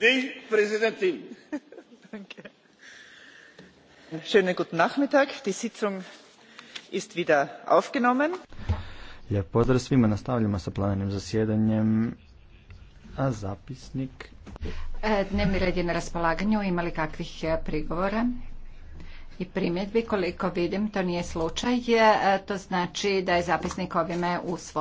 die präsidentin! schönen guten nachmittag! die sitzung ist wieder aufgenommen. lijep pozdrav svima nastavljamo sa planiranim zasjedanjem a zapisnik. E, dnevni red je na raspolaganju imali kakvih e, prigovora? i primjedbi koliko vidim to nije slučaj e, to znači da je zapisnik ovime usvojen.